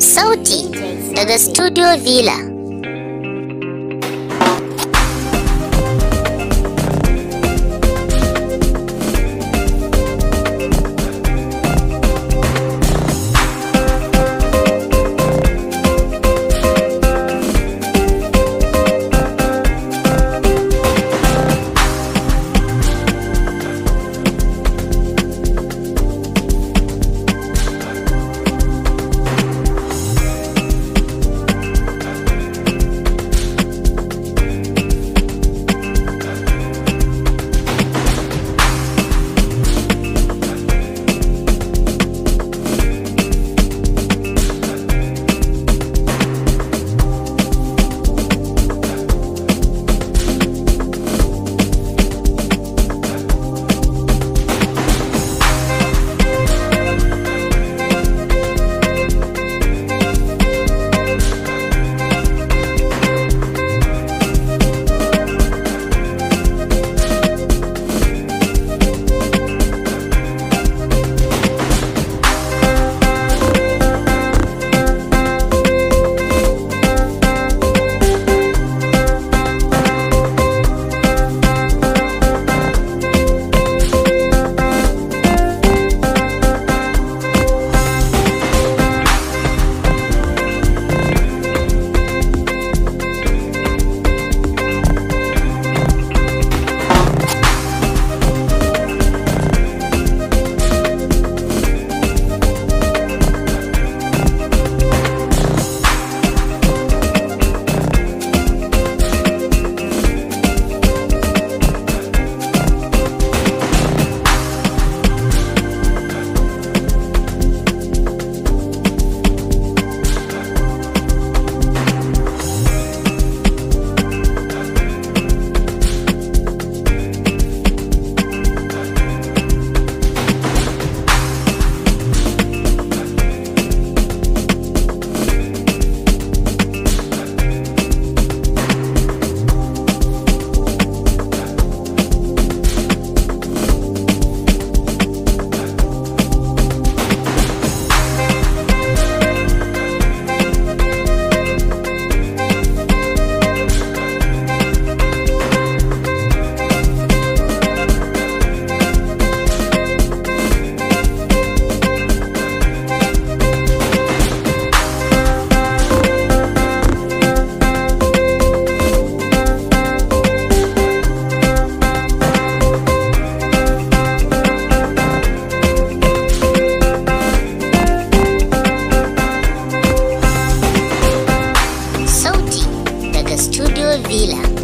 Sauti to the Studio Villa. Villa.